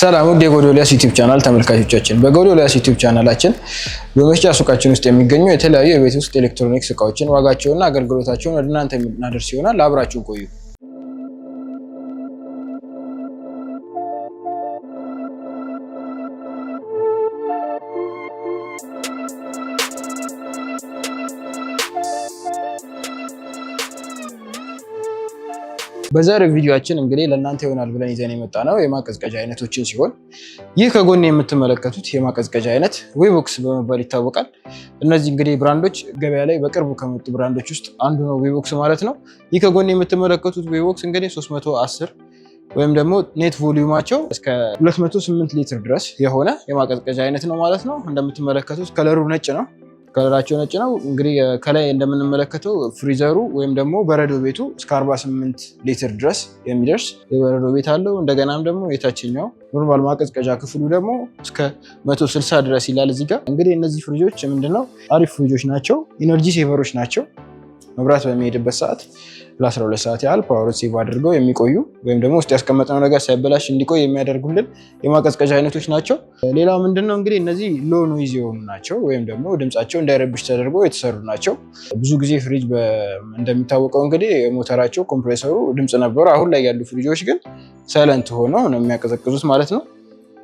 ሰላም ውድ የጎዶልያስ ዩቲዩብ ቻናል ተመልካቾቻችን፣ በጎዶልያስ ዩቲዩብ ቻናላችን በመሸጫ ሱቃችን ውስጥ የሚገኙ የተለያዩ የቤት ውስጥ ኤሌክትሮኒክስ እቃዎችን ዋጋቸውና አገልግሎታቸውን ወደ እናንተ የምናደርስ ይሆናል። አብራችሁ ቆዩ። በዛሬው ቪዲዮችን እንግዲህ ለእናንተ ይሆናል ብለን ይዘን የመጣ ነው የማቀዝቀዣ አይነቶችን ሲሆን ይህ ከጎን የምትመለከቱት የማቀዝቀዣ አይነት ዌቦክስ በመባል ይታወቃል። እነዚህ እንግዲህ ብራንዶች ገበያ ላይ በቅርቡ ከመጡ ብራንዶች ውስጥ አንዱ ነው ዊቦክስ ማለት ነው። ይህ ከጎን የምትመለከቱት ዊቦክስ እንግዲህ 310 ወይም ደግሞ ኔት ቮሊዩማቸው እስከ 208 ሊትር ድረስ የሆነ የማቀዝቀዣ አይነት ነው ማለት ነው። እንደምትመለከቱት ከለሩ ነጭ ነው። ከለራቸው ነጭ ነው። እንግዲህ ከላይ እንደምንመለከተው ፍሪዘሩ ወይም ደግሞ በረዶ ቤቱ እስከ 48 ሊትር ድረስ የሚደርስ የበረዶ ቤት አለው። እንደገናም ደግሞ የታችኛው ኖርማል ማቀዝቀዣ ክፍሉ ደግሞ እስከ 160 ድረስ ይላል እዚህ ጋር። እንግዲህ እነዚህ ፍሪጆች ምንድነው አሪፍ ፍሪጆች ናቸው፣ ኢነርጂ ሴቨሮች ናቸው። መብራት በሚሄድበት ሰዓት ለ12 ሰዓት ያህል ፓወር ሴቭ አድርገው የሚቆዩ ወይም ደግሞ ውስጥ ያስቀመጥነው ነገር ሳይበላሽ እንዲቆይ የሚያደርጉልን የማቀዝቀዣ አይነቶች ናቸው። ሌላው ምንድን ነው እንግዲህ እነዚህ ሎ ኖይዝ የሆኑ ናቸው፣ ወይም ደግሞ ድምጻቸው እንዳይረብሽ ተደርጎ የተሰሩ ናቸው። ብዙ ጊዜ ፍሪጅ እንደሚታወቀው እንግዲህ ሞተራቸው ኮምፕሬሰሩ ድምፅ ነበሩ። አሁን ላይ ያሉ ፍሪጆች ግን ሳይለንት ሆነው ነው የሚያቀዘቅዙት ማለት ነው።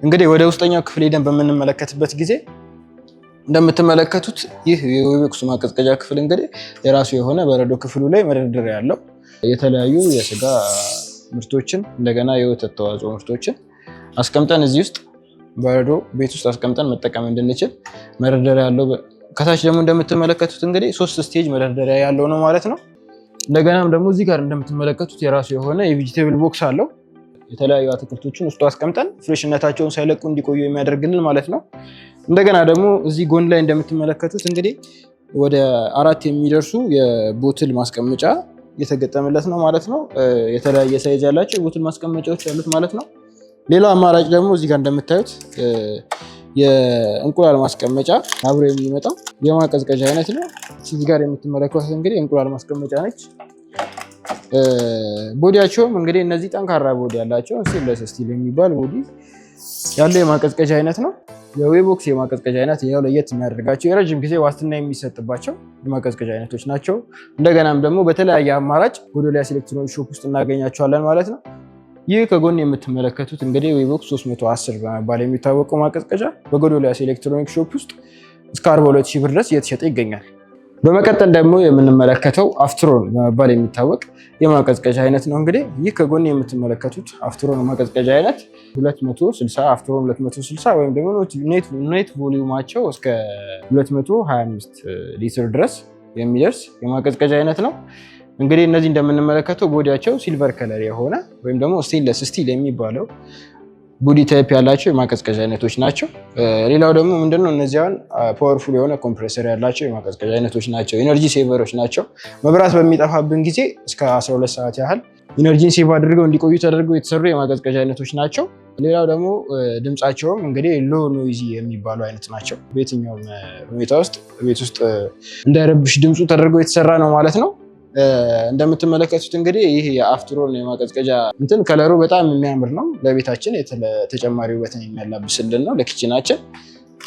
እንግዲህ ወደ ውስጠኛው ክፍል ሄደን በምንመለከትበት ጊዜ እንደምትመለከቱት ይህ የወይቤኩስ ማቀዝቀዣ ክፍል እንግዲህ የራሱ የሆነ በረዶ ክፍሉ ላይ መደርደሪያ ያለው የተለያዩ የስጋ ምርቶችን እንደገና የወተት ተዋጽኦ ምርቶችን አስቀምጠን እዚህ ውስጥ በረዶ ቤት ውስጥ አስቀምጠን መጠቀም እንድንችል መደርደሪያ ያለው ከታች ደግሞ እንደምትመለከቱት እንግዲህ ሶስት ስቴጅ መደርደሪያ ያለው ነው ማለት ነው። እንደገናም ደግሞ እዚህ ጋር እንደምትመለከቱት የራሱ የሆነ የቬጂቴብል ቦክስ አለው። የተለያዩ አትክልቶችን ውስጡ አስቀምጠን ፍሬሽነታቸውን ሳይለቁ እንዲቆዩ የሚያደርግልን ማለት ነው። እንደገና ደግሞ እዚህ ጎን ላይ እንደምትመለከቱት እንግዲህ ወደ አራት የሚደርሱ የቦትል ማስቀመጫ እየተገጠመለት ነው ማለት ነው። የተለያየ ሳይዝ ያላቸው የቦትል ማስቀመጫዎች ያሉት ማለት ነው። ሌላ አማራጭ ደግሞ እዚህ ጋር እንደምታዩት የእንቁላል ማስቀመጫ አብሮ የሚመጣው የማቀዝቀዣ አይነት ነው። እዚህ ጋር የምትመለከቱት እንግዲህ እንቁላል ማስቀመጫ ነች። ቦዲያቸውም እንግዲህ እነዚህ ጠንካራ ቦዲ ያላቸው ስቴንለስ ስቲል የሚባል ቦዲ ያለው የማቀዝቀዣ አይነት ነው። የዌቦክስ የማቀዝቀዣ አይነት ይኸው ለየት የሚያደርጋቸው የረዥም ጊዜ ዋስትና የሚሰጥባቸው የማቀዝቀዣ አይነቶች ናቸው። እንደገናም ደግሞ በተለያየ አማራጭ ጎዶልያስ ኤሌክትሮኒክስ ሾፕ ውስጥ እናገኛቸዋለን ማለት ነው። ይህ ከጎን የምትመለከቱት እንግዲህ ዌቦክስ 310 በመባል የሚታወቀው ማቀዝቀዣ በጎዶልያስ ኤሌክትሮኒክ ሾፕ ውስጥ እስከ 42000 ብር ድረስ እየተሸጠ ይገኛል። በመቀጠል ደግሞ የምንመለከተው አፍትሮን በመባል የሚታወቅ የማቀዝቀዣ አይነት ነው። እንግዲህ ይህ ከጎን የምትመለከቱት አፍትሮን ማቀዝቀዣ አይነት 260 አፍትሮን 260 ወይም ደግሞ ኔት ቮሊዩማቸው እስከ 225 ሊትር ድረስ የሚደርስ የማቀዝቀዣ አይነት ነው። እንግዲህ እነዚህ እንደምንመለከተው ቦዲያቸው ሲልቨር ከለር የሆነ ወይም ደግሞ ስቴንለስ ስቲል የሚባለው ቡዲ ታይፕ ያላቸው የማቀዝቀዣ አይነቶች ናቸው። ሌላው ደግሞ ምንድነው እነዚያን ፓወርፉል የሆነ ኮምፕሬሰር ያላቸው የማቀዝቀዣ አይነቶች ናቸው። ኤነርጂ ሴቨሮች ናቸው። መብራት በሚጠፋብን ጊዜ እስከ 12 ሰዓት ያህል ኢነርጂን ሴቭ አድርገው እንዲቆዩ ተደርገው የተሰሩ የማቀዝቀዣ አይነቶች ናቸው። ሌላው ደግሞ ድምፃቸውም እንግዲህ ሎ ኖይዚ የሚባሉ አይነት ናቸው። በየትኛውም ሁኔታ ውስጥ ቤት ውስጥ እንዳይረብሽ ድምፁ ተደርገው የተሰራ ነው ማለት ነው። እንደምትመለከቱት እንግዲህ ይህ የአፍትሮን የማቀዝቀዣ እንትን ከለሩ በጣም የሚያምር ነው። ለቤታችን ተጨማሪ ውበትን የሚያላብስልን ነው ለኪችናችን።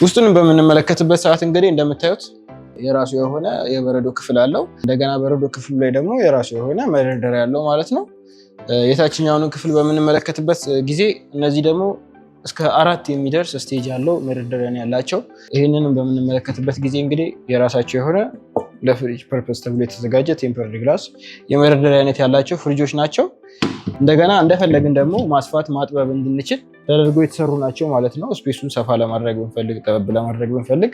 ውስጡንም በምንመለከትበት ሰዓት እንግዲህ እንደምታዩት የራሱ የሆነ የበረዶ ክፍል አለው። እንደገና በረዶ ክፍሉ ላይ ደግሞ የራሱ የሆነ መደርደሪያ ያለው ማለት ነው። የታችኛውን ክፍል በምንመለከትበት ጊዜ እነዚህ ደግሞ እስከ አራት የሚደርስ ስቴጅ ያለው መደርደሪያ ያላቸው። ይህንንም በምንመለከትበት ጊዜ እንግዲህ የራሳቸው የሆነ ለፍሪጅ ፐርፐስ ተብሎ የተዘጋጀ ቴምፐርድ ግላስ የመደርደሪያ አይነት ያላቸው ፍሪጆች ናቸው። እንደገና እንደፈለግን ደግሞ ማስፋት ማጥበብ እንድንችል ተደርጎ የተሰሩ ናቸው ማለት ነው። ስፔሱን ሰፋ ለማድረግ ብንፈልግ፣ ጠበብ ለማድረግ ብንፈልግ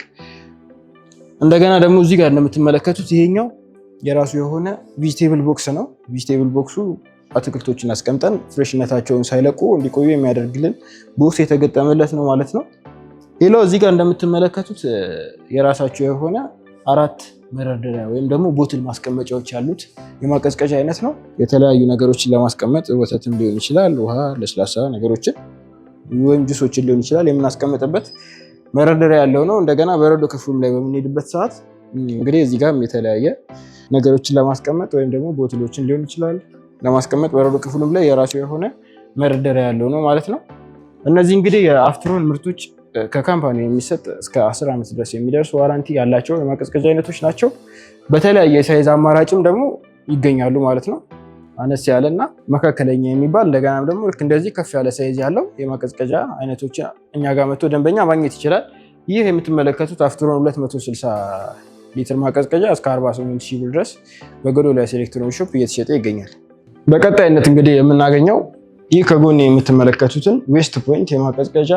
እንደገና ደግሞ እዚህ ጋር እንደምትመለከቱት ይሄኛው የራሱ የሆነ ቪጅቴብል ቦክስ ነው። ቪጅቴብል ቦክሱ አትክልቶችን አስቀምጠን ፍሬሽነታቸውን ሳይለቁ እንዲቆዩ የሚያደርግልን ቦክስ የተገጠመለት ነው ማለት ነው። ሌላው እዚህ ጋር እንደምትመለከቱት የራሳቸው የሆነ አራት መደርደሪያ ወይም ደግሞ ቦትል ማስቀመጫዎች ያሉት የማቀዝቀዣ አይነት ነው። የተለያዩ ነገሮችን ለማስቀመጥ ወተትም ሊሆን ይችላል፣ ውሃ፣ ለስላሳ ነገሮችን ወይም ጁሶችን ሊሆን ይችላል የምናስቀምጥበት መደርደሪያ ያለው ነው። እንደገና በረዶ ክፍሉም ላይ በምንሄድበት ሰዓት እንግዲህ እዚህ ጋርም የተለያየ ነገሮችን ለማስቀመጥ ወይም ደግሞ ቦትሎችን ሊሆን ይችላል ለማስቀመጥ በረዶ ክፍሉም ላይ የራሱ የሆነ መደርደሪያ ያለው ነው ማለት ነው። እነዚህ እንግዲህ የአፍትሮን ምርቶች ከካምፓኒ የሚሰጥ እስከ 10 ዓመት ድረስ የሚደርስ ዋራንቲ ያላቸው የማቀዝቀዣ አይነቶች ናቸው። በተለያየ ሳይዝ አማራጭም ደግሞ ይገኛሉ ማለት ነው። አነስ ያለ እና መካከለኛ የሚባል እንደገናም ደግሞ ልክ እንደዚህ ከፍ ያለ ሳይዝ ያለው የማቀዝቀዣ አይነቶች እኛ ጋር መጥቶ ደንበኛ ማግኘት ይችላል። ይህ የምትመለከቱት አፍትሮን 260 ሊትር ማቀዝቀዣ እስከ 48 ሺህ ብር ድረስ በጎዶልያስ ኤሌክትሮኒክስ ሾፕ እየተሸጠ ይገኛል። በቀጣይነት እንግዲህ የምናገኘው ይህ ከጎን የምትመለከቱትን ዌስት ፖይንት የማቀዝቀዣ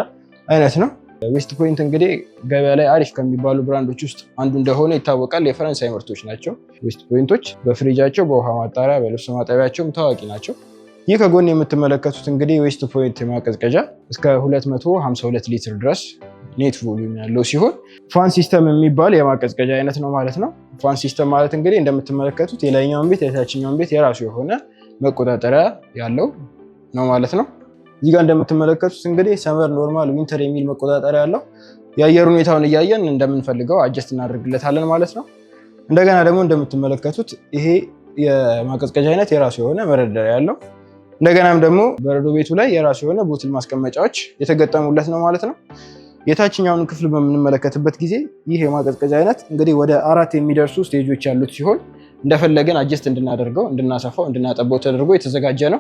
አይነት ነው። ዌስት ፖይንት እንግዲህ ገበያ ላይ አሪፍ ከሚባሉ ብራንዶች ውስጥ አንዱ እንደሆነ ይታወቃል። የፈረንሳይ ምርቶች ናቸው። ዌስት ፖይንቶች በፍሪጃቸው፣ በውሃ ማጣሪያ፣ በልብስ ማጠቢያቸውም ታዋቂ ናቸው። ይህ ከጎን የምትመለከቱት እንግዲህ ዌስት ፖይንት ማቀዝቀዣ እስከ 252 ሊትር ድረስ ኔት ቮሊዩም ያለው ሲሆን ፋን ሲስተም የሚባል የማቀዝቀዣ አይነት ነው ማለት ነው። ፋን ሲስተም ማለት እንግዲህ እንደምትመለከቱት የላይኛውን ቤት የታችኛውን ቤት የራሱ የሆነ መቆጣጠሪያ ያለው ነው ማለት ነው። እዚህ ጋር እንደምትመለከቱት እንግዲህ ሰመር ኖርማል ዊንተር የሚል መቆጣጠሪያ ያለው የአየር ሁኔታውን እያየን እንደምንፈልገው አጀስት እናደርግለታለን ማለት ነው። እንደገና ደግሞ እንደምትመለከቱት ይሄ የማቀዝቀዣ አይነት የራሱ የሆነ መደርደሪያ ያለው እንደገናም ደግሞ በረዶ ቤቱ ላይ የራሱ የሆነ ቦትል ማስቀመጫዎች የተገጠሙለት ነው ማለት ነው። የታችኛውን ክፍል በምንመለከትበት ጊዜ ይህ የማቀዝቀዣ አይነት እንግዲህ ወደ አራት የሚደርሱ ስቴጆች ያሉት ሲሆን እንደፈለገን አጀስት እንድናደርገው፣ እንድናሰፋው፣ እንድናጠበው ተደርጎ የተዘጋጀ ነው።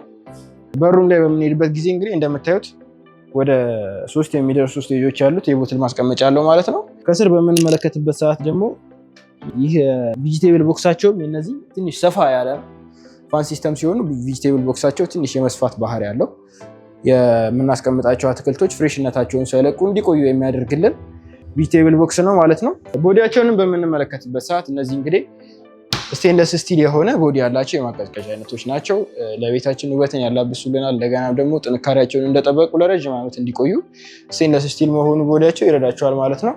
በሩም ላይ በምንሄድበት ጊዜ እንግዲህ እንደምታዩት ወደ ሶስት የሚደርሱ ስቴጆች ያሉት የቦትል ማስቀመጫ አለው ማለት ነው። ከስር በምንመለከትበት ሰዓት ደግሞ ይህ ቪጂቴብል ቦክሳቸውም እነዚህ ትንሽ ሰፋ ያለ ፋን ሲስተም ሲሆኑ ቪጂቴብል ቦክሳቸው ትንሽ የመስፋት ባህሪ ያለው የምናስቀምጣቸው አትክልቶች ፍሬሽነታቸውን ሳይለቁ እንዲቆዩ የሚያደርግልን ቪጂቴብል ቦክስ ነው ማለት ነው። ቦዲያቸውንም በምንመለከትበት ሰዓት እነዚህ እንግዲህ ስቴንለስ ስቲል የሆነ ቦዲ ያላቸው የማቀዝቀዣ አይነቶች ናቸው። ለቤታችን ውበትን ያላብሱልናል። እንደገና ደግሞ ጥንካሬያቸውን እንደጠበቁ ለረዥም ዓመት እንዲቆዩ ስቴንለስ ስቲል መሆኑ ቦዲያቸው ይረዳቸዋል ማለት ነው።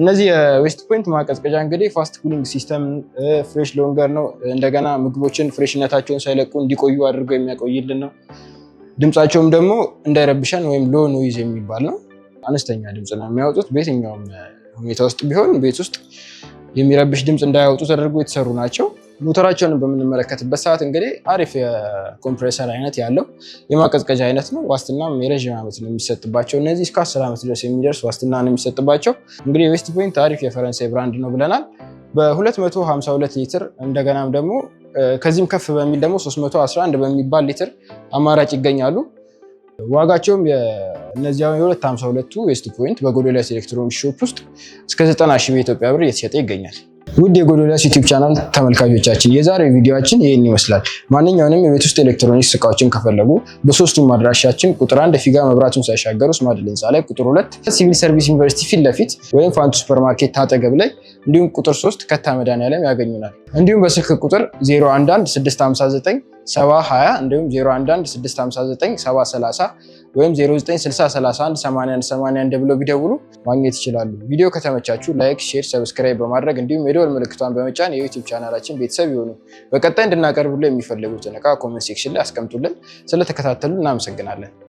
እነዚህ የዌስት ፖይንት ማቀዝቀዣ እንግዲህ ፋስት ኩሊንግ ሲስተም ፍሬሽ ሎንገር ነው። እንደገና ምግቦችን ፍሬሽነታቸውን ሳይለቁ እንዲቆዩ አድርገው የሚያቆይልን ነው። ድምፃቸውም ደግሞ እንዳይረብሸን ወይም ሎ ኖይዝ የሚባል ነው። አነስተኛ ድምፅ ነው የሚያወጡት በየትኛውም ሁኔታ ውስጥ ቢሆን ቤት ውስጥ የሚረብሽ ድምፅ እንዳያወጡ ተደርጎ የተሰሩ ናቸው። ሞተራቸውን በምንመለከትበት ሰዓት እንግዲህ አሪፍ የኮምፕሬሰር አይነት ያለው የማቀዝቀዣ አይነት ነው። ዋስትናም የረዥም ዓመት ነው የሚሰጥባቸው። እነዚህ እስከ አስር ዓመት ድረስ የሚደርስ ዋስትና ነው የሚሰጥባቸው። እንግዲህ የዌስት ፖይንት አሪፍ የፈረንሳይ ብራንድ ነው ብለናል። በ252 ሊትር እንደገናም ደግሞ ከዚህም ከፍ በሚል ደግሞ 311 በሚባል ሊትር አማራጭ ይገኛሉ። ዋጋቸውም እነዚህ የሁለት ሃምሳ ሁለቱ ዌስት ፖይንት በጎዶልያስ ኤሌክትሮኒክስ ሾፕ ውስጥ እስከ 90 ሺህ የኢትዮጵያ ብር እየተሸጠ ይገኛል። ውድ የጎዶልያስ ዩቲዩብ ቻናል ተመልካቾቻችን የዛሬ ቪዲዮችን ይህን ይመስላል። ማንኛውንም የቤት ውስጥ ኤሌክትሮኒክስ እቃዎችን ከፈለጉ በሶስቱም አድራሻችን ቁጥር አንድ ፊጋ መብራቱን ሳይሻገሩ ስማድ ህንፃ ላይ፣ ቁጥር ሁለት ሲቪል ሰርቪስ ዩኒቨርሲቲ ፊት ለፊት ወይም ፋንቱ ሱፐርማርኬት አጠገብ ላይ እንዲሁም ቁጥር ሶስት ከታ መድኃኒዓለም ያገኙናል። እንዲሁም በስልክ ቁጥር 011659 7020 እንዲሁም 011 659 ወይም ብለው ቢደውሉ ማግኘት ይችላሉ። ቪዲዮ ከተመቻችሁ ላይክ፣ ሼር፣ ሰብስክራይብ በማድረግ እንዲሁም የደወል ምልክቷን በመጫን የዩቲዩብ ቻናላችን ቤተሰብ ይሆኑ። በቀጣይ እንድናቀርብሎ የሚፈልጉትን ዕቃ ኮሜንት ሴክሽን ላይ አስቀምጡልን። ስለተከታተሉ እናመሰግናለን።